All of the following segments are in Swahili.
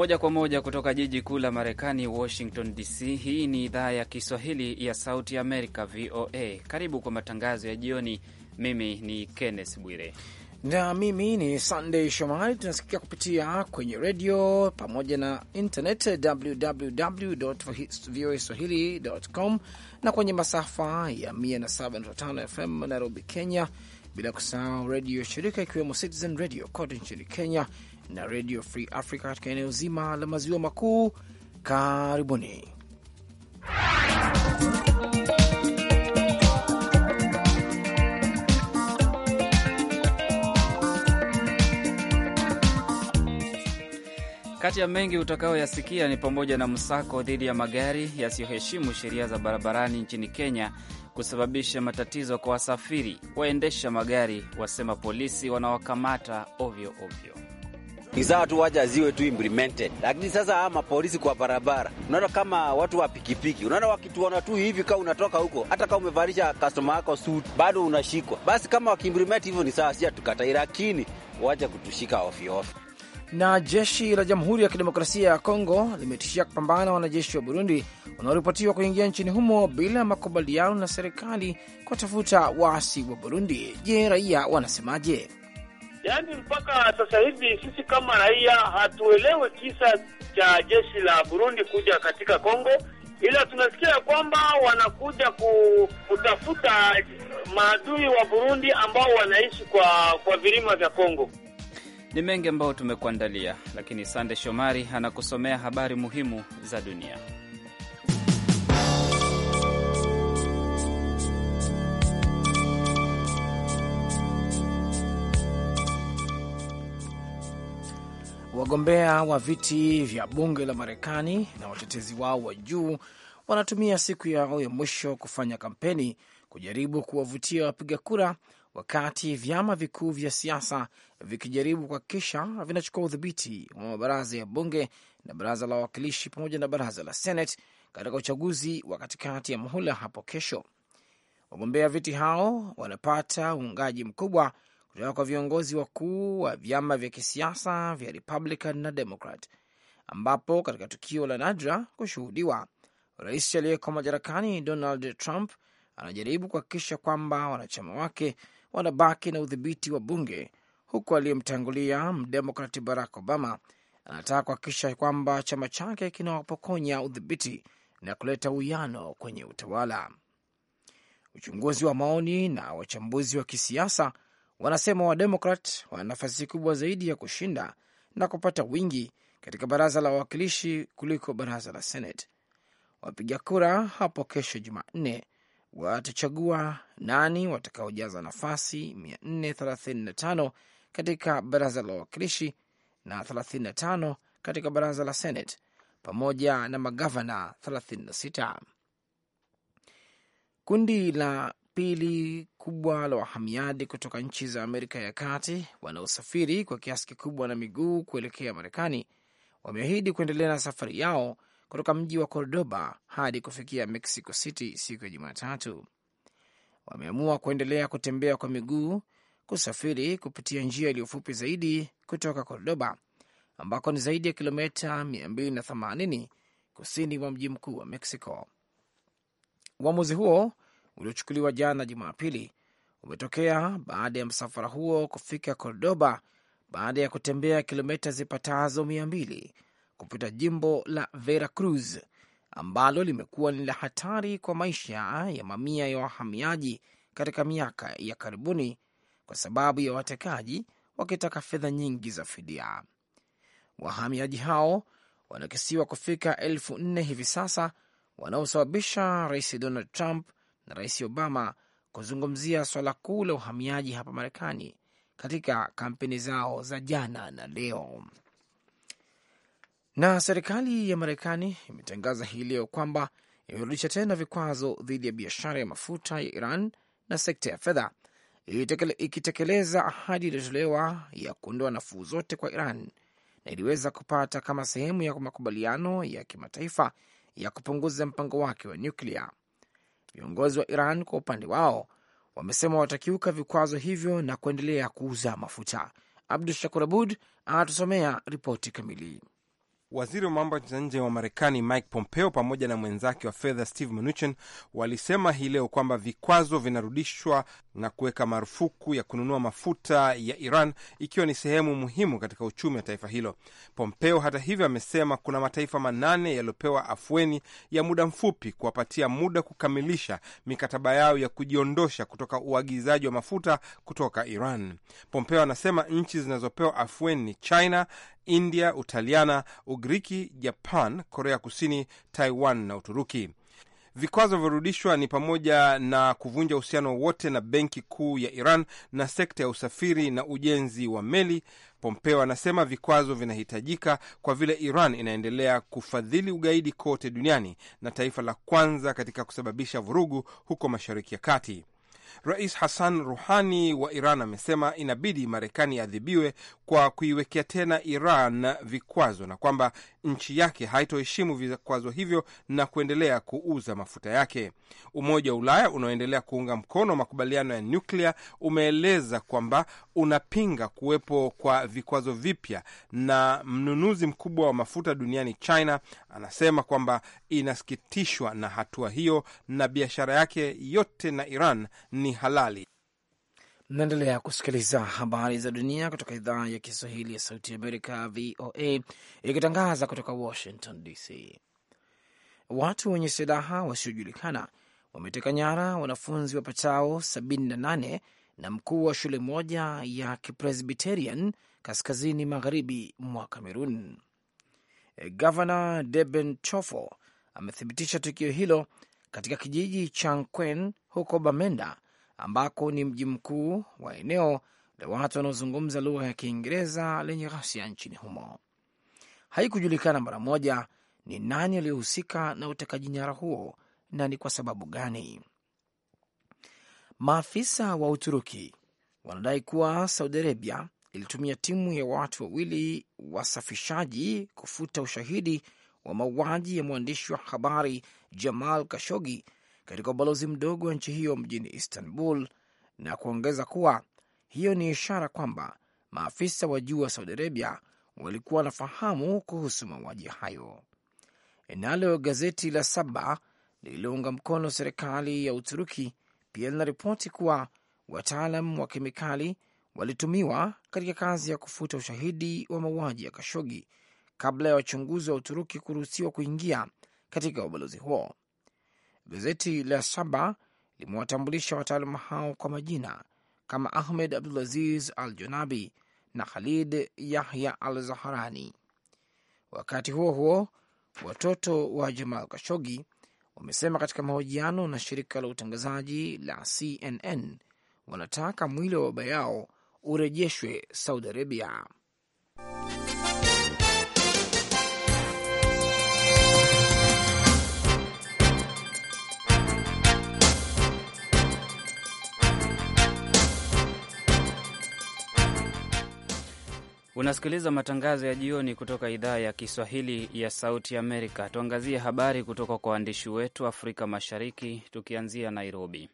Moja kwa moja kutoka jiji kuu la Marekani, Washington DC. Hii ni idhaa ya Kiswahili ya Sauti Amerika, VOA. Karibu kwa matangazo ya jioni. Mimi ni Kenneth Bwire na mimi ni sandey Shomari. Tunasikia kupitia kwenye redio pamoja na internet www voa swahili.com na kwenye masafa ya 107.5 FM Nairobi, Kenya, bila kusahau redio shirika ikiwemo Citizen Radio kote nchini Kenya na Radio Free Africa katika eneo zima la maziwa makuu. Karibuni. Kati ya mengi utakayoyasikia ni pamoja na msako dhidi ya magari yasiyoheshimu sheria za barabarani nchini Kenya kusababisha matatizo kwa wasafiri. Waendesha magari wasema polisi wanawakamata ovyo ovyo ni sawa tu, waja ziwe tu implemented. Lakini sasa ama mapolisi kwa barabara, unaona kama watu wa pikipiki, unaona wakituona tu hivi, kama unatoka huko, hata kama umevalisha customer yako suit, bado unashikwa. Basi kama wakiimplement hivyo ni sawa, siatukatai lakini waja kutushika ofiofi Na jeshi la Jamhuri ya Kidemokrasia ya Kongo limetishia kupambana na wanajeshi wa Burundi wanaoripotiwa kuingia nchini humo bila makubaliano na serikali kwa tafuta waasi wa Burundi. Je, raia wanasemaje? Yaani mpaka sasa hivi sisi kama raia hatuelewe kisa cha jeshi la Burundi kuja katika Kongo, ila tunasikia kwamba wanakuja kutafuta maadui wa Burundi ambao wanaishi kwa, kwa vilima vya Kongo. Ni mengi ambayo tumekuandalia, lakini Sande Shomari anakusomea habari muhimu za dunia. Wagombea wa viti vya bunge la Marekani na watetezi wao wa juu wanatumia siku yao ya mwisho kufanya kampeni kujaribu kuwavutia wapiga kura, wakati vyama vikuu vya siasa vikijaribu kuhakikisha vinachukua udhibiti wa mabaraza ya bunge na baraza la wawakilishi pamoja na baraza la Senate katika uchaguzi wa katikati ya muhula hapo kesho. Wagombea viti hao wanapata uungaji mkubwa kutoka kwa viongozi wakuu wa vyama vya kisiasa vya Republican na Democrat, ambapo katika tukio la nadra kushuhudiwa, rais aliyeko madarakani Donald Trump anajaribu kuhakikisha kwamba wanachama wake wanabaki na udhibiti wa bunge, huku aliyemtangulia mdemokrati Barack Obama anataka kuhakikisha kwamba chama chake kinawapokonya udhibiti na kuleta uwiano kwenye utawala. Uchunguzi wa maoni na wachambuzi wa kisiasa wanasema Wademokrat wana nafasi kubwa zaidi ya kushinda na kupata wingi katika baraza la wawakilishi kuliko baraza la Senate. Wapiga kura hapo kesho Jumanne watachagua nani watakaojaza nafasi 435 katika baraza la wawakilishi na 35 katika baraza la Senate pamoja na magavana 36. Kundi la pili kubwa la wahamiaji kutoka nchi za Amerika ya Kati wanaosafiri kwa kiasi kikubwa na miguu kuelekea Marekani wameahidi kuendelea na safari yao kutoka mji wa Cordoba hadi kufikia Mexico City siku ya Jumatatu. Wameamua kuendelea kutembea kwa miguu kusafiri kupitia njia iliyo fupi zaidi kutoka Cordoba ambako ni zaidi ya kilomita 280 kusini mwa mji mkuu wa Mexico. Uamuzi huo uliochukuliwa jana Jumapili umetokea baada ya msafara huo kufika Cordoba baada ya kutembea kilomita zipatazo mia mbili kupita jimbo la Veracruz ambalo limekuwa ni la hatari kwa maisha ya mamia ya wahamiaji katika miaka ya karibuni kwa sababu ya watekaji wakitaka fedha nyingi za fidia. Wahamiaji hao wanakisiwa kufika elfu nne hivi sasa, wanaosababisha Rais Donald Trump na Rais Obama kuzungumzia swala kuu la uhamiaji hapa Marekani katika kampeni zao za jana na leo. Na serikali ya Marekani imetangaza hii leo kwamba imerudisha tena vikwazo dhidi ya biashara ya mafuta ya Iran na sekta ya fedha, ikitekeleza ahadi iliyotolewa ya kuondoa nafuu zote kwa Iran na iliweza kupata kama sehemu ya makubaliano ya kimataifa ya kupunguza mpango wake wa nyuklia. Viongozi wa Iran kwa upande wao wamesema watakiuka vikwazo hivyo na kuendelea kuuza mafuta. Abdu Shakur Abud anatusomea ripoti kamili. Waziri wa mambo ya nje wa Marekani Mike Pompeo pamoja na mwenzake wa fedha Steve Mnuchin walisema hii leo kwamba vikwazo vinarudishwa na kuweka marufuku ya kununua mafuta ya Iran, ikiwa ni sehemu muhimu katika uchumi wa taifa hilo. Pompeo hata hivyo amesema kuna mataifa manane yaliyopewa afueni ya muda mfupi kuwapatia muda kukamilisha mikataba yao ya kujiondosha kutoka uagizaji wa mafuta kutoka Iran. Pompeo anasema nchi zinazopewa afueni ni China, India, Utaliana, Ugiriki, Japan, Korea Kusini, Taiwan na Uturuki. Vikwazo vivyorudishwa ni pamoja na kuvunja uhusiano wote na benki kuu ya Iran na sekta ya usafiri na ujenzi wa meli. Pompeo anasema vikwazo vinahitajika kwa vile Iran inaendelea kufadhili ugaidi kote duniani na taifa la kwanza katika kusababisha vurugu huko Mashariki ya Kati. Rais Hassan Ruhani wa Iran amesema inabidi Marekani iadhibiwe kwa kuiwekea tena Iran vikwazo na kwamba nchi yake haitoheshimu vikwazo hivyo na kuendelea kuuza mafuta yake. Umoja wa Ulaya unaoendelea kuunga mkono makubaliano ya nyuklia umeeleza kwamba unapinga kuwepo kwa vikwazo vipya, na mnunuzi mkubwa wa mafuta duniani China anasema kwamba inasikitishwa na hatua hiyo na biashara yake yote na Iran ni halali. Mnaendelea kusikiliza habari za dunia kutoka idhaa ya Kiswahili ya Sauti ya Amerika, VOA, ikitangaza kutoka Washington DC. Watu wenye silaha wasiojulikana wameteka nyara wanafunzi wapatao 78 na mkuu wa shule moja ya Kipresbiterian kaskazini magharibi mwa Kamerun. Gavana Deben Chofo amethibitisha tukio hilo katika kijiji cha Nkwen huko Bamenda, ambako ni mji mkuu wa eneo la watu wanaozungumza lugha ya Kiingereza lenye ghasia nchini humo. Haikujulikana mara moja ni nani aliyohusika na utekaji nyara huo na ni kwa sababu gani. Maafisa wa Uturuki wanadai kuwa Saudi Arabia ilitumia timu ya watu wawili wasafishaji kufuta ushahidi wa mauaji ya mwandishi wa habari Jamal Kashogi katika ubalozi mdogo wa nchi hiyo mjini Istanbul, na kuongeza kuwa hiyo ni ishara kwamba maafisa wa juu wa Saudi Arabia walikuwa wanafahamu kuhusu mauaji hayo. Nalo gazeti la Saba lililounga mkono serikali ya Uturuki pia linaripoti kuwa wataalam wa kemikali walitumiwa katika kazi ya kufuta ushahidi wa mauaji ya Kashogi kabla ya wachunguzi wa Uturuki kuruhusiwa kuingia katika ubalozi huo. Gazeti la Saba limewatambulisha wataalamu hao kwa majina kama Ahmed Abdulaziz Al Jonabi na Khalid Yahya Al Zaharani. Wakati huo huo, watoto wa Jamal Kashogi wamesema katika mahojiano na shirika la utangazaji la CNN wanataka mwili wa baba yao urejeshwe Saudi Arabia. Unasikiliza matangazo ya jioni kutoka idhaa ya Kiswahili ya Sauti Amerika. Tuangazie habari kutoka kwa waandishi wetu Afrika Mashariki, tukianzia Nairobi.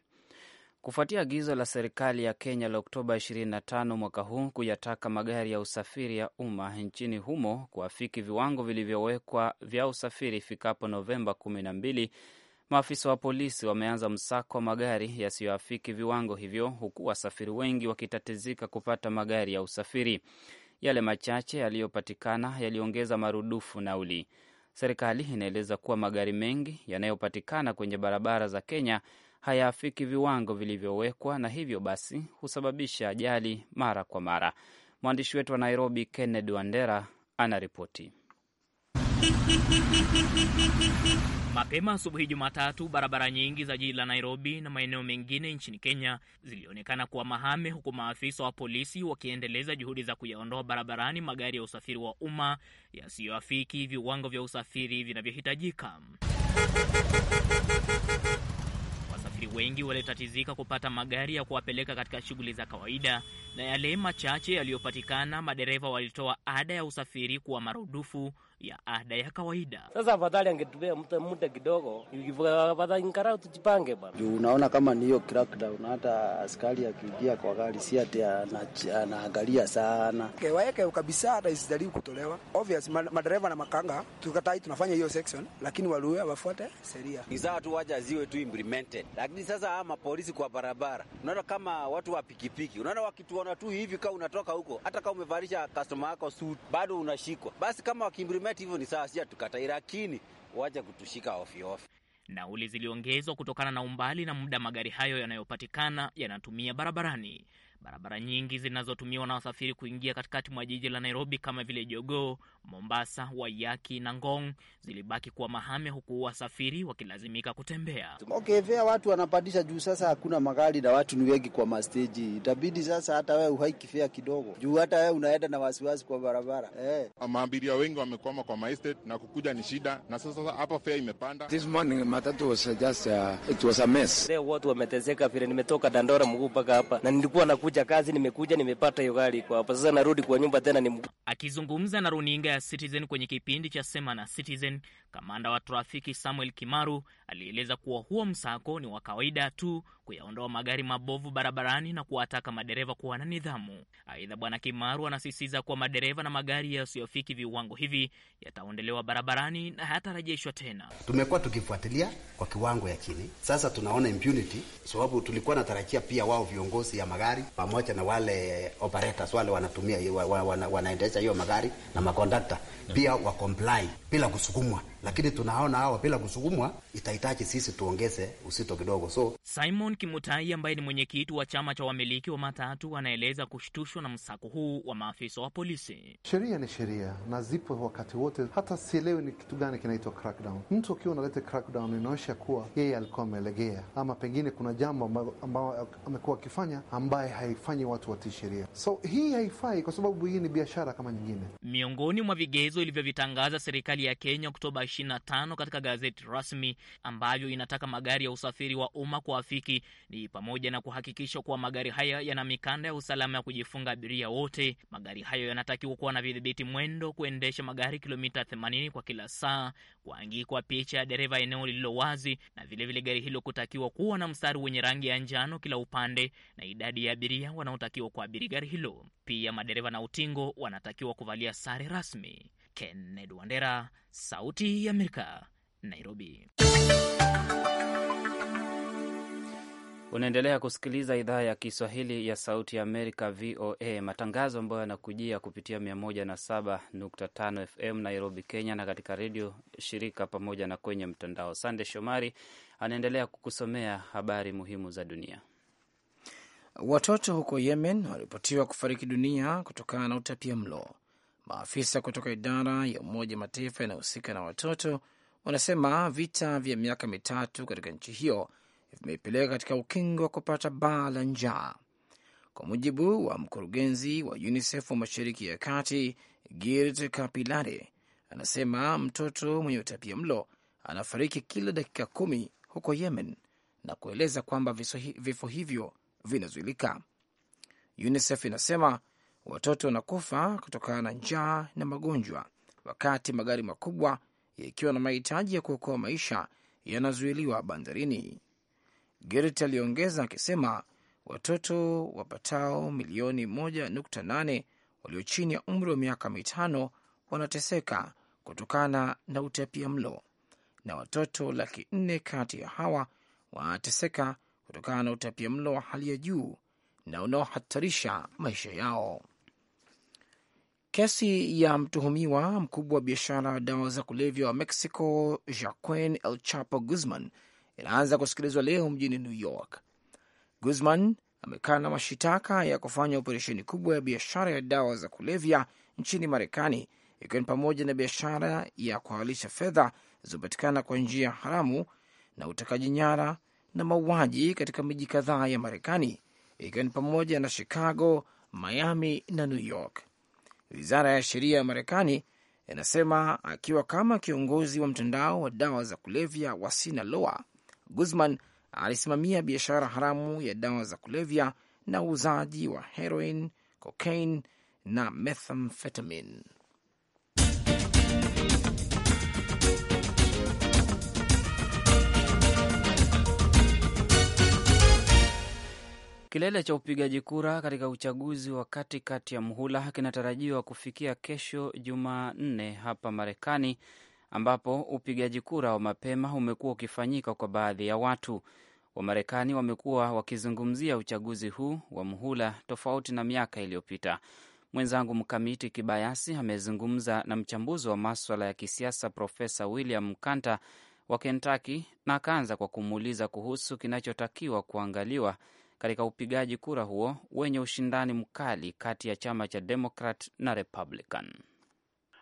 Kufuatia agizo la serikali ya Kenya la Oktoba 25 mwaka huu kuyataka magari ya usafiri ya umma nchini humo kuafiki viwango vilivyowekwa vya usafiri ifikapo Novemba 12, maafisa wa polisi wameanza msako wa magari yasiyoafiki viwango hivyo, huku wasafiri wengi wakitatizika kupata magari ya usafiri. Yale machache yaliyopatikana yaliongeza marudufu nauli. Serikali inaeleza kuwa magari mengi yanayopatikana kwenye barabara za Kenya hayaafiki viwango vilivyowekwa na hivyo basi husababisha ajali mara kwa mara. Mwandishi wetu wa Nairobi, Kennedy Wandera, anaripoti. Mapema asubuhi Jumatatu, barabara nyingi za jiji la Nairobi na maeneo mengine nchini Kenya zilionekana kuwa mahame, huku maafisa wa polisi wakiendeleza juhudi za kuyaondoa barabarani magari ya usafiri wa umma yasiyoafiki viwango vya usafiri vinavyohitajika. Wasafiri wengi walitatizika kupata magari ya kuwapeleka katika shughuli za kawaida, na yale machache yaliyopatikana, madereva walitoa ada ya usafiri kuwa marudufu ya ada ya kawaida. Sasa afadhali angetumia muda kidogo, afadhali ngarau tujipange bwana. Juu unaona kama ni hiyo crackdown, hata askari akiingia kwa gari si ati anaangalia sana, waeke kabisa, hata isidaliu kutolewa obvious. Madereva na makanga tukatai, tunafanya hiyo section, lakini waluwe wafuate sheria, izaa tu waja ziwe tu implemented. Lakini sasa ama polisi kwa barabara, unaona kama watu wa pikipiki, unaona wakituona tu hivi, kama unatoka huko, hata kama umevalisha customer yako suit bado unashikwa. Basi kama wakiimplement kutukamati hivyo ni sawa, sijatukatai, lakini wacha kutushika ofiofi Nauli ziliongezwa kutokana na umbali na muda magari hayo yanayopatikana yanatumia barabarani. Barabara nyingi zinazotumiwa na wasafiri kuingia katikati mwa jiji la Nairobi kama vile Jogoo, Mombasa, Waiyaki na Ngong zilibaki kuwa mahame, huku wasafiri wakilazimika kutembea. Okay, fea watu wanapandisha juu, sasa hakuna magari na watu ni wengi kwa masteji, itabidi sasa hata wewe uhaiki fea kidogo juu, hata wewe unaenda na wasiwasi kwa barabara eh. Maabiria wengi wamekwama kwa maestate na kukuja ni shida, na sasa hapa fea imepanda. This morning matatu was just, uh, it was a mess. Watu wameteseka vile, nimetoka Dandora mguu mpaka hapa na nilikuwa na nimekuja kazi, nimekuja nimepata hiyo gari kwa hapa, sasa narudi kwa nyumba tena ni akizungumza na runinga ya Citizen kwenye kipindi cha Sema na Citizen, kamanda wa trafiki Samuel Kimaru alieleza kuwa huo msako ni wa kawaida tu kuyaondoa magari mabovu barabarani na kuwataka madereva kuwa na nidhamu. Aidha, Bwana Kimaru anasisitiza kuwa madereva na magari yasiyofiki viwango hivi yataondolewa barabarani na hayatarejeshwa tena. Tumekuwa tukifuatilia kwa kiwango ya chini, sasa tunaona impunity, sababu tulikuwa natarajia pia wao viongozi ya magari pamoja na wale operators wale wanatumia wanaendesha hiyo magari na makondakta pia comply bila kusukumwa lakini tunaona hawa bila kusukumwa, itahitaji sisi tuongeze usito kidogo. So Simon Kimutai ambaye ni mwenyekiti wa chama cha wamiliki wa matatu anaeleza kushtushwa na msako huu wa maafisa wa polisi. Sheria ni sheria na zipo wakati wote, hata sielewi ni kitu gani kinaitwa crackdown. Mtu akiwa unaleta crackdown inaonyesha kuwa yeye alikuwa amelegea, ama pengine kuna jambo ambayo amekuwa akifanya ambaye haifanyi watu watii sheria. So hii haifai, kwa sababu hii ni biashara kama nyingine. Miongoni mwa vigezo ilivyovitangaza serikali ya Kenya Oktoba 25 katika gazeti rasmi ambavyo inataka magari ya usafiri wa umma kuafiki ni pamoja na kuhakikisha kuwa magari haya yana mikanda ya usalama ya kujifunga abiria wote. Magari hayo yanatakiwa kuwa na vidhibiti mwendo, kuendesha magari kilomita 80 kwa kila saa, kuangikwa picha ya dereva eneo lililo wazi, na vilevile vile gari hilo kutakiwa kuwa na mstari wenye rangi ya njano kila upande na idadi ya abiria wanaotakiwa kuabiri gari hilo. Pia madereva na utingo wanatakiwa kuvalia sare rasmi. Kennedy Wandera Sauti ya Amerika, Nairobi. Unaendelea kusikiliza idhaa ya Kiswahili ya Sauti ya Amerika, VOA, matangazo ambayo yanakujia kupitia 107.5 FM Nairobi, Kenya, na katika redio shirika pamoja na kwenye mtandao. Sande Shomari anaendelea kukusomea habari muhimu za dunia. Watoto huko Yemen waripotiwa kufariki dunia kutokana na utapia mlo Maafisa kutoka idara ya Umoja Mataifa yanayohusika na watoto wanasema vita vya miaka mitatu katika nchi hiyo vimeipeleka katika ukingo wa kupata baa la njaa. Kwa mujibu wa mkurugenzi wa UNICEF wa Mashariki ya Kati, girt Kapilare, anasema mtoto mwenye utapia mlo anafariki kila dakika kumi huko Yemen na kueleza kwamba vifo hivyo vinazuilika. UNICEF inasema watoto wanakufa kutokana na njaa na magonjwa, wakati magari makubwa yakiwa na mahitaji ya kuokoa maisha yanazuiliwa bandarini. Gert aliongeza akisema watoto wapatao milioni 1.8 walio chini ya umri wa miaka mitano wanateseka kutokana na utapia mlo na watoto laki nne kati ya hawa wanateseka kutokana na utapia mlo wa hali ya juu na unaohatarisha maisha yao. Kesi ya mtuhumiwa mkubwa wa biashara ya dawa za kulevya wa Mexico, Joaquin El Chapo Guzman, inaanza kusikilizwa leo mjini New York. Guzman na mashitaka ya kufanya operesheni kubwa ya biashara ya dawa za kulevya nchini Marekani, ikiwa ni pamoja na biashara ya kuhalisha fedha zilizopatikana kwa njia haramu na utekaji nyara na mauaji katika miji kadhaa ya Marekani, ikiwa ni pamoja na Chicago, Miami na New York. Wizara ya sheria ya Marekani inasema akiwa kama kiongozi wa mtandao wa dawa za kulevya wa Sinaloa, Guzman alisimamia biashara haramu ya dawa za kulevya na uuzaji wa heroin, cocaine na methamphetamine. Kilele cha upigaji kura katika uchaguzi wa katikati kati ya mhula kinatarajiwa kufikia kesho Jumanne hapa Marekani, ambapo upigaji kura wa mapema umekuwa ukifanyika kwa baadhi ya watu. Wamarekani wamekuwa wakizungumzia uchaguzi huu wa mhula tofauti na miaka iliyopita. Mwenzangu Mkamiti Kibayasi amezungumza na mchambuzi wa maswala ya kisiasa Profesa William kanta wa Kentaki na akaanza kwa kumuuliza kuhusu kinachotakiwa kuangaliwa katika upigaji kura huo wenye ushindani mkali kati ya chama cha Democrat na Republican.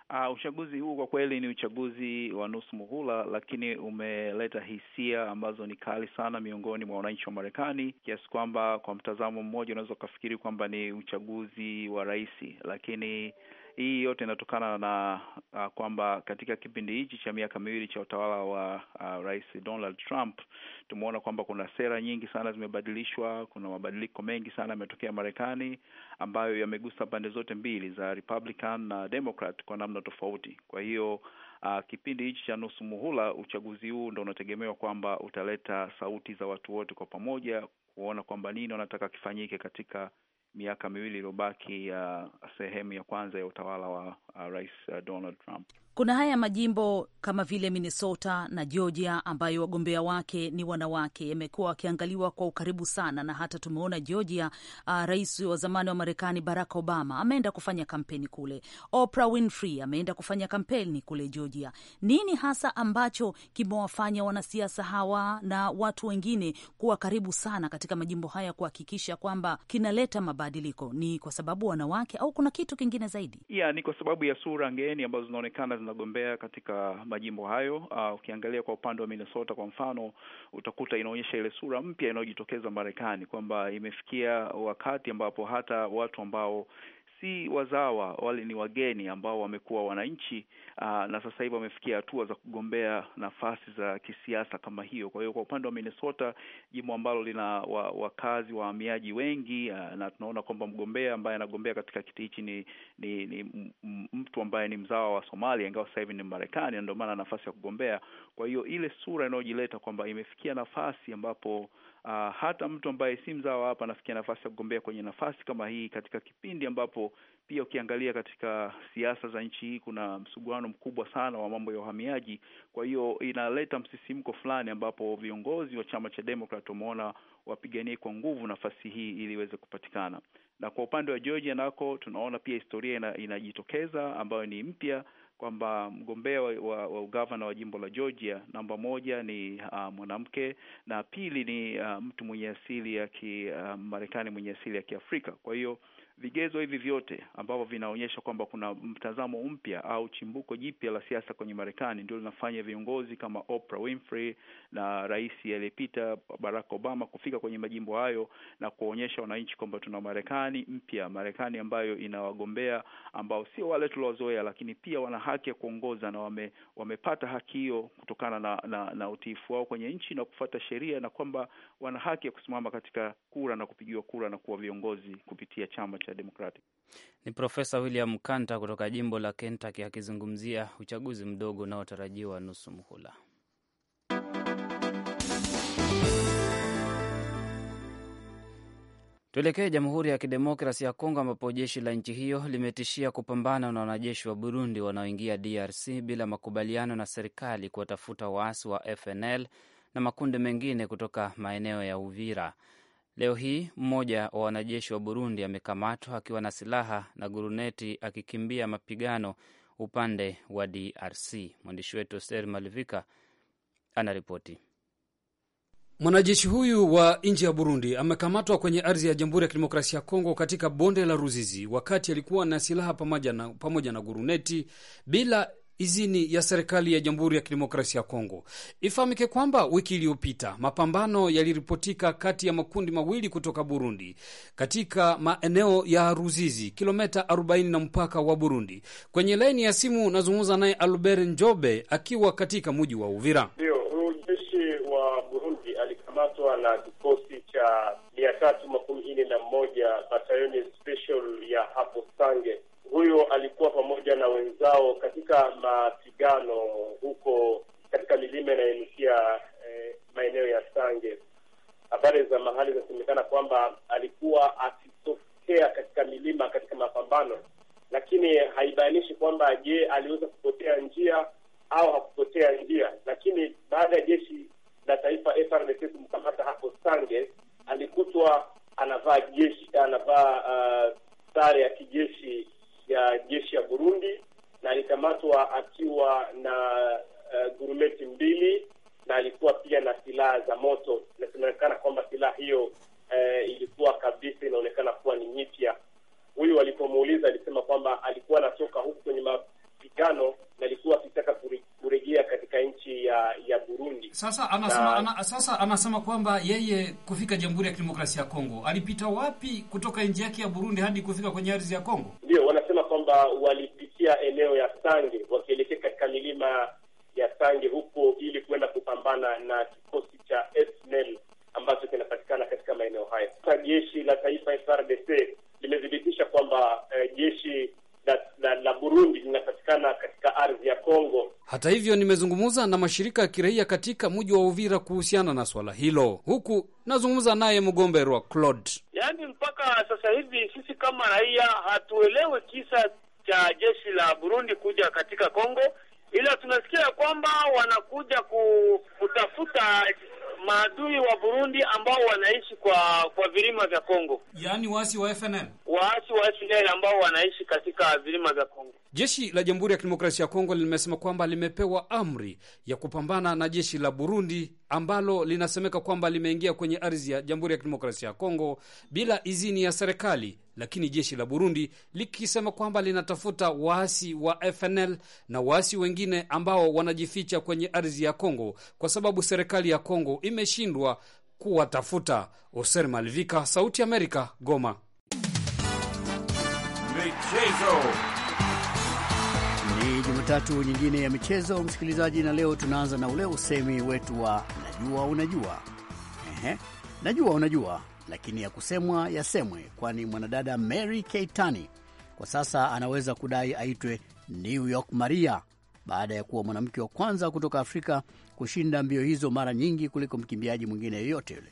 Uh, uchaguzi huu kwa kweli ni uchaguzi wa nusu muhula, lakini umeleta hisia ambazo ni kali sana miongoni mwa wananchi wa Marekani, kiasi kwamba kwa mtazamo mmoja unaweza ukafikiri kwamba ni uchaguzi wa rais, lakini hii yote inatokana na uh, kwamba katika kipindi hichi cha miaka miwili cha utawala wa uh, Rais Donald Trump tumeona kwamba kuna sera nyingi sana zimebadilishwa, kuna mabadiliko mengi sana yametokea Marekani ambayo yamegusa pande zote mbili za Republican na Democrat kwa namna tofauti. Kwa hiyo Uh, kipindi hichi cha nusu muhula, uchaguzi huu ndo unategemewa kwamba utaleta sauti za watu wote kwa pamoja kuona kwamba nini wanataka kifanyike katika miaka miwili iliyobaki ya uh, sehemu ya kwanza ya utawala wa uh, Rais uh, Donald Trump kuna haya majimbo kama vile Minnesota na Georgia ambayo wagombea wake ni wanawake, yamekuwa wakiangaliwa kwa ukaribu sana, na hata tumeona Georgia, uh, rais wa zamani wa Marekani Barack Obama ameenda kufanya kampeni kule. Oprah Winfrey ameenda kufanya kampeni kule Georgia. Nini hasa ambacho kimewafanya wanasiasa hawa na watu wengine kuwa karibu sana katika majimbo haya kuhakikisha kwamba kinaleta mabadiliko? Ni kwa sababu wanawake au kuna kitu kingine zaidi? Yeah, ni kwa sababu ya sura ngeni ambazo zinaonekana zinagombea katika majimbo hayo. Uh, ukiangalia kwa upande wa Minnesota kwa mfano, utakuta inaonyesha ile sura mpya inayojitokeza Marekani kwamba imefikia wakati ambapo hata watu ambao si wazawa, wale ni wageni ambao wamekuwa wananchi aa, ah, na sasa hivi wamefikia hatua za kugombea nafasi za kisiasa kama hiyo. Kwa hiyo kwa upande wa Minnesota, jimbo ambalo lina wakazi wa wahamiaji wengi aa, ah, na tunaona kwamba mgombea ambaye anagombea katika kiti hichi ni, ni, ni mtu ambaye ni mzawa wa Somalia, ingawa sasa hivi ni Marekani, na ndio maana nafasi ya kugombea. Kwa hiyo ile sura inayojileta kwamba imefikia nafasi ambapo Uh, hata mtu ambaye si mzawa hapa anafikia nafasi ya kugombea kwenye nafasi kama hii katika kipindi ambapo pia ukiangalia katika siasa za nchi hii kuna msuguano mkubwa sana wa mambo ya uhamiaji. Kwa hiyo inaleta msisimko fulani ambapo viongozi wa chama cha Democrat wameona wapiganie kwa nguvu nafasi hii ili iweze kupatikana. Na kwa upande wa Georgia nako tunaona pia historia ina, inajitokeza ambayo ni mpya kwamba mgombea wa, wa, wa ugavana wa jimbo la Georgia namba moja ni uh, mwanamke na pili ni uh, mtu mwenye asili ya Kimarekani uh, mwenye asili ya Kiafrika. Kwa hiyo Vigezo hivi vyote ambavyo vinaonyesha kwamba kuna mtazamo mpya au chimbuko jipya la siasa kwenye Marekani ndio linafanya viongozi kama Oprah Winfrey na rais aliyepita Barack Obama kufika kwenye majimbo hayo na kuonyesha wananchi kwamba tuna Marekani mpya, Marekani ambayo ina wagombea ambao sio wale tuliozoea, lakini pia wana haki ya kuongoza na wame, wamepata haki hiyo kutokana na, na, na utiifu wao kwenye nchi na kufuata sheria na kwamba wana haki ya kusimama katika kura na kupigiwa kura na kuwa viongozi kupitia chama cha Democratic. Ni Profesa William Kanta kutoka jimbo la Kentucky akizungumzia uchaguzi mdogo unaotarajiwa nusu muhula. Tuelekee Jamhuri ya Kidemokrasi ya Kongo ambapo jeshi la nchi hiyo limetishia kupambana na wanajeshi wa Burundi wanaoingia DRC bila makubaliano na serikali kuwatafuta waasi wa FNL na makundi mengine kutoka maeneo ya Uvira. Leo hii mmoja wa wanajeshi wa Burundi amekamatwa akiwa na silaha na guruneti akikimbia mapigano upande wa DRC. Mwandishi wetu Oster Malivika anaripoti. Mwanajeshi huyu wa nchi ya Burundi amekamatwa kwenye ardhi ya Jamhuri ya Kidemokrasia ya Kongo katika bonde la Ruzizi wakati alikuwa na silaha pamoja na, pamoja na guruneti bila izini ya serikali ya Jamhuri ya Kidemokrasia ya Kongo. Ifahamike kwamba wiki iliyopita mapambano yaliripotika kati ya makundi mawili kutoka Burundi katika maeneo ya Ruzizi, kilomita 40 na mpaka wa Burundi. Kwenye laini ya simu nazungumza naye Albert Njobe akiwa katika muji wa Uvira. Ndio jeshi wa Burundi alikamatwa na kikosi cha mia tatu makumi nne na moja batalioni special ya hapo Sange from uh, nilimuuliza alisema kwamba alikuwa anatoka huku kwenye mapigano na alikuwa akitaka kurejea katika nchi ya ya Burundi. Sasa anasema na, ana, sasa anasema kwamba yeye kufika Jamhuri ya Kidemokrasia ya Kongo alipita wapi kutoka nchi yake ya Burundi hadi kufika kwenye ardhi ya Kongo? Ndio wanasema kwamba walipitia eneo ya Sange Hata hivyo, nimezungumza na mashirika ya kiraia katika mji wa Uvira kuhusiana na swala hilo, huku nazungumza naye wa Claude. Yaani mpaka sasa hivi sisi kama raia hatuelewe kisa cha jeshi la Burundi kuja katika Kongo, ila tunasikia kwamba wanakuja kutafuta maadui wa Burundi ambao wanaishi kwa kwa vilima vya Kongo, yaani waasi wa FNL, waasi wa FNL ambao wanaishi katika vilima vya Kongo. Jeshi la Jamhuri ya Kidemokrasia ya Kongo limesema kwamba limepewa amri ya kupambana na jeshi la Burundi ambalo linasemeka kwamba limeingia kwenye ardhi ya Jamhuri ya Kidemokrasia ya Kongo bila idhini ya serikali, lakini jeshi la Burundi likisema kwamba linatafuta waasi wa FNL na waasi wengine ambao wanajificha kwenye ardhi ya Kongo kwa sababu serikali ya Kongo imeshindwa kuwatafuta. Oser Malvika, Sauti Amerika, Goma. Michezo. Jumatatu nyingine ya michezo, msikilizaji, na leo tunaanza na ule usemi wetu wa najua unajua. Ehe, najua unajua, lakini ya kusemwa yasemwe, kwani mwanadada Mary Keitani kwa sasa anaweza kudai aitwe New York Maria baada ya kuwa mwanamke wa kwanza kutoka Afrika kushinda mbio hizo mara nyingi kuliko mkimbiaji mwingine yoyote yule.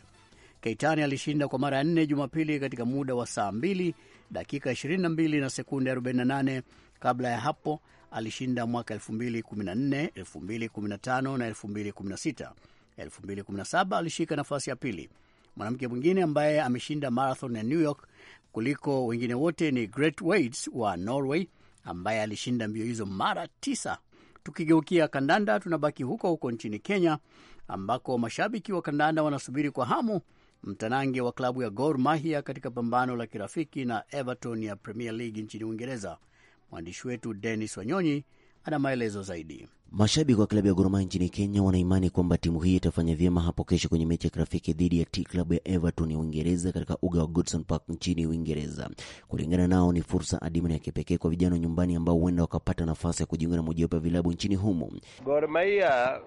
Keitani alishinda kwa mara ya nne Jumapili katika muda wa saa 2 dakika 22 na sekunde 48 Kabla ya hapo alishinda mwaka 2014, 2015 na 2016. 2017 alishika nafasi ya pili. Mwanamke mwingine ambaye ameshinda marathon ya New York kuliko wengine wote ni Grete Waitz wa Norway ambaye alishinda mbio hizo mara tisa. Tukigeukia kandanda, tunabaki huko huko nchini Kenya ambako mashabiki wa kandanda wanasubiri kwa hamu mtanange wa klabu ya Gor Mahia katika pambano la kirafiki na Everton ya Premier League nchini Uingereza. Mwandishi wetu Denis Wanyonyi ana maelezo zaidi. Mashabiki wa klabu ya Gor Mahia nchini Kenya wanaimani kwamba timu hii itafanya vyema hapo kesho kwenye mechi ya kirafiki dhidi ya T klabu ya Everton ya Uingereza katika uga wa Goodson Park nchini Uingereza. Kulingana nao, ni fursa adimu na ya kipekee kwa vijana nyumbani ambao huenda wakapata nafasi ya kujiunga na mojawapo ya vilabu nchini humo. Gor Mahia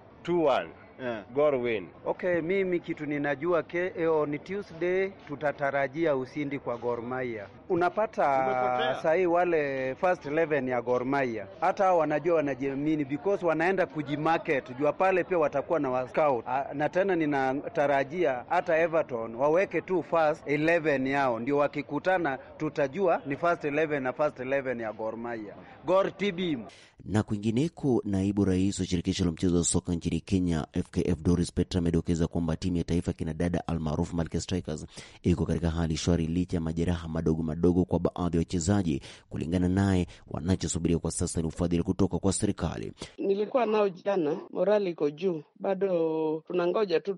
yeah. God win. Okay, mimi kitu ninajua keo eh, ni Tuesday tutatarajia ushindi kwa Gor Mahia. Unapata sahii wale first 11 ya Gor Mahia hata wanajua wanajiamini because wanaenda kujimarket jua pale pia watakuwa na wa scout ah, na tena ninatarajia hata Everton waweke tu first 11 yao, ndio wakikutana tutajua ni first 11 na first 11 ya Gor Mahia. Gor Tibim. Na kwingineko, naibu rais wa shirikisho la mchezo wa soka nchini Kenya FKF Doris Petra amedokeza kwamba timu ya taifa kina dada almaarufu Malkia Strikers iko katika hali shwari licha ya majeraha madogo madogo kwa baadhi ya wachezaji. Kulingana naye, wanachosubiria kwa sasa ni ufadhili kutoka kwa serikali. Nilikuwa nao jana, morali iko juu, bado tunangoja tu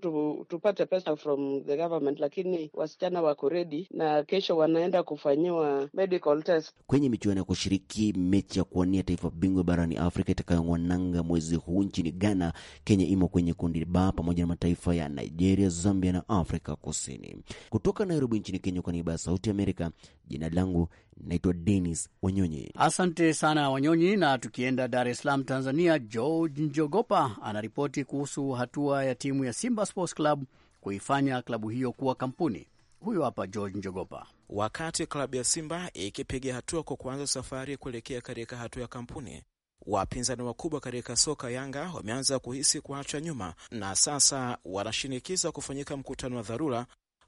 tupate pesa from the government, lakini wasichana wako redi na kesho wanaenda kufanyiwa medical test kwenye michuano ya kushiriki mechi ya kuwania taifa bingwa barani Afrika itakayongwananga mwezi huu nchini Ghana. Kenya imo kwenye kundi ba pamoja na mataifa ya Nigeria, Zambia na Afrika Kusini. Kutoka Nairobi nchini Kenya, kwa niaba ya Sauti Amerika, jina langu naitwa Denis Wanyonyi. Asante sana Wanyonyi. Na tukienda Dar es Salaam, Tanzania, George Njogopa anaripoti kuhusu hatua ya timu ya Simba Sports Club kuifanya klabu hiyo kuwa kampuni. Huyo hapa George Njogopa. Wakati klabu ya Simba ikipiga hatua kwa kuanza safari kuelekea katika hatua ya kampuni, Wapinzani wakubwa katika soka Yanga wameanza kuhisi kuachwa nyuma na sasa wanashinikiza kufanyika mkutano wa dharura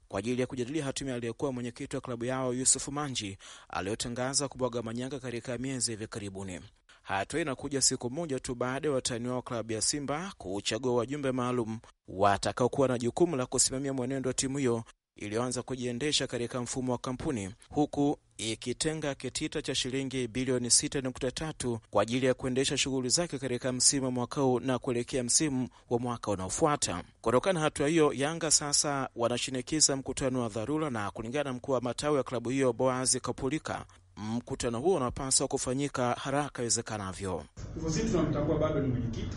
kwa ajili ya kujadili hatima aliyekuwa mwenyekiti wa klabu yao Yusuf Manji aliyotangaza kubwaga manyanga katika miezi hivi karibuni. Hatua inakuja siku moja tu baada ya watani wao klabu ya Simba kuchagua wajumbe maalum watakaokuwa na jukumu la kusimamia mwenendo wa timu hiyo iliyoanza kujiendesha katika mfumo wa kampuni, huku ikitenga kitita cha shilingi bilioni 6.3 kwa ajili ya kuendesha shughuli zake katika msimu wa mwaka huu na kuelekea msimu wa mwaka unaofuata. Kutokana na hatua hiyo, Yanga sasa wanashinikiza mkutano wa dharura, na kulingana na mkuu wa matawi ya klabu hiyo Boazi Kapulika, mkutano huo unapaswa kufanyika haraka iwezekanavyo. Hivyo sisi tunamtambua bado ni mwenyekiti,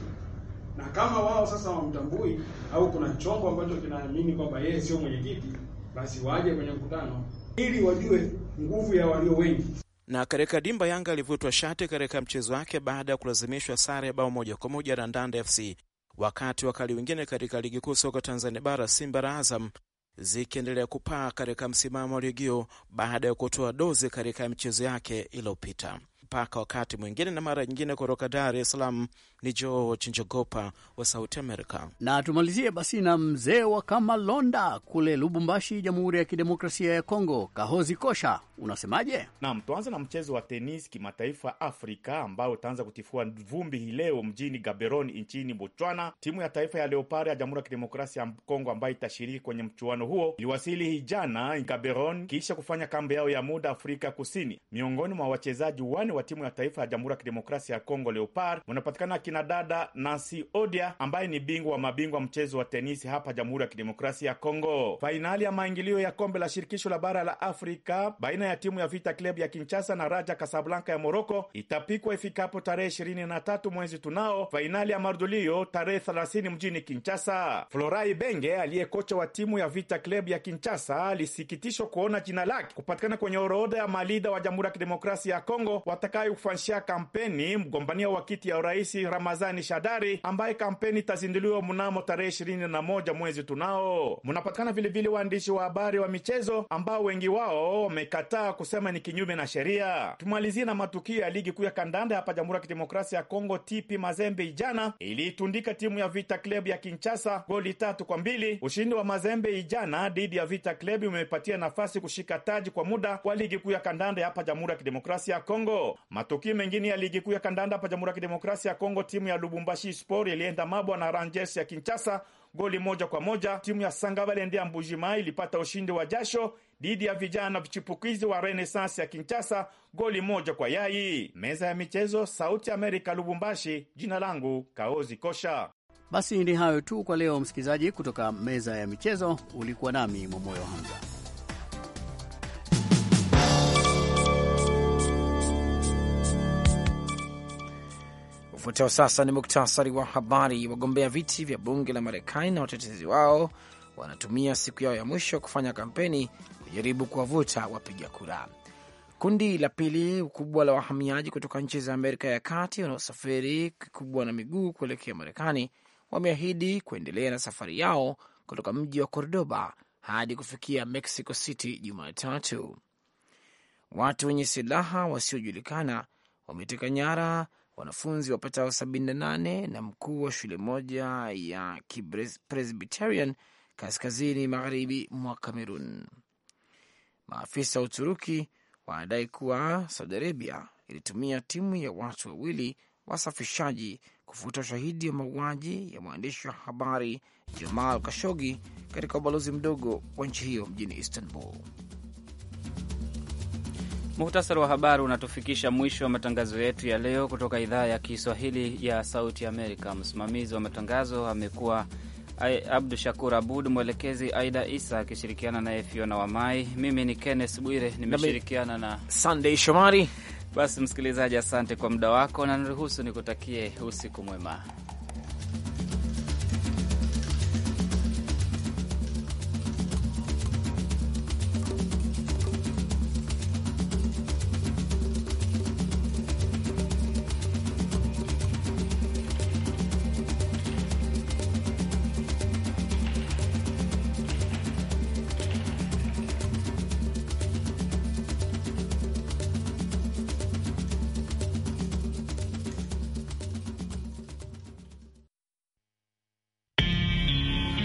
na kama wao sasa wamtambui au kuna chombo ambacho kinaamini kwamba yeye sio mwenyekiti, basi waje kwenye mkutano ili wajue nguvu ya walio wengi. Na katika dimba Yanga alivutwa shati katika mchezo wake baada ya kulazimishwa sare ya bao moja kwa moja na Ndanda FC, wakati wakali wengine katika ligi kuu soka Tanzania Bara, Simba na Azam zikiendelea kupaa katika msimamo wa ligio baada ya kutoa dozi katika michezo yake iliyopita mpaka wakati mwingine na mara nyingine. Kutoka Dar es Salaam ni George Chinjogopa wa Sauti Amerika, na tumalizie basi na mzee wa kama londa kule Lubumbashi, Jamhuri ya Kidemokrasia ya Kongo. Kahozi Kosha, unasemaje? nam tuanze na mchezo wa tenis kimataifa Afrika ambao utaanza kutifua vumbi hii leo mjini gaberon nchini Botswana. Timu ya taifa ya Leopard ya Jamhuri ya Kidemokrasia ya Kongo ambayo itashiriki kwenye mchuano huo iliwasili hijana gaberon kisha kufanya kambi yao ya muda Afrika Kusini. Miongoni mwa wachezaji wane wa timu ya taifa ya Jamhuri ya Kidemokrasia ya Kongo Leopard wanapatikana akina dada Nancy Odia ambaye ni bingwa wa mabingwa mchezo wa tenisi hapa Jamhuri ya Kidemokrasia ya Kongo. Fainali ya maingilio ya kombe la shirikisho la bara la Afrika baina ya timu ya Vita Club ya Kinshasa na Raja Kasablanka ya Moroko itapikwa ifikapo tarehe ishirini na tatu mwezi tunao, fainali ya mardulio tarehe thelathini mjini Kinshasa. Florai Benge aliye kocha wa timu ya Vita Club ya Kinshasa alisikitishwa kuona jina lake kupatikana kwenye orodha ya malida wa Jamhuri ya Kidemokrasia ya Kongo wata atakayekufuatia kampeni mgombania wa kiti ya urais Ramazani Shadari, ambaye kampeni itazinduliwa mnamo tarehe 21 mwezi tunao. Mnapatikana vilevile waandishi wa habari wa michezo ambao wengi wao wamekataa kusema ni kinyume na sheria. Tumalizie na matukio ya ligi kuu ya kandanda hapa Jamhuri ya Kidemokrasia ya Kongo. TP Mazembe ijana iliitundika timu ya Vita Club ya Kinshasa goli tatu kwa mbili. Ushindi wa Mazembe ijana dhidi ya Vita Club umepatia nafasi kushika taji kwa muda wa ligi kuu ya kandanda hapa Jamhuri ya Kidemokrasia ya Kongo. Matukio mengine ya ligi kuu ya kandanda pa Jamhuri ya Kidemokrasia ya Kongo, timu ya Lubumbashi Sport ilienda mabwa na Rangers ya Kinshasa goli moja kwa moja. Timu ya sangavalende ya Mbujimai ilipata ushindi wa jasho dhidi ya vijana vichipukizi wa Renaissance ya Kinshasa goli moja kwa yai. Meza ya michezo, Sauti Amerika, Lubumbashi. Jina langu Kaozi Kosha. Basi ni hayo tu kwa leo, msikilizaji. Kutoka meza ya michezo ulikuwa nami Momoyo Hamza. Ufuatao sasa ni muktasari wa habari. Wagombea viti vya bunge la Marekani na watetezi wao wanatumia siku yao ya mwisho kufanya kampeni kujaribu kuwavuta wapiga kura. Kundi la pili kubwa la wahamiaji kutoka nchi za Amerika ya Kati wanaosafiri kikubwa na miguu kuelekea Marekani wameahidi kuendelea na safari yao kutoka mji wa Cordoba hadi kufikia Mexico City Jumatatu. Watu wenye silaha wasiojulikana wameteka nyara wanafunzi wapatao 78 na mkuu wa shule moja ya Kipresbiterian kaskazini magharibi mwa Kamerun. Maafisa wa Uturuki wanadai kuwa Saudi Arabia ilitumia timu ya watu wawili wasafishaji kufuta ushahidi wa mauaji ya mwandishi wa habari Jamal Kashogi katika ubalozi mdogo wa nchi hiyo mjini Istanbul. Muhtasari wa habari unatufikisha mwisho wa matangazo yetu ya leo kutoka idhaa ya Kiswahili ya Sauti Amerika. Msimamizi wa matangazo amekuwa Abdu Shakur Abud, mwelekezi Aida Isa akishirikiana naye Fiona Wamai. Mimi ni Kenneth Bwire, nimeshirikiana na Sandey Shomari. Basi msikilizaji, asante kwa muda wako na niruhusu nikutakie usiku mwema.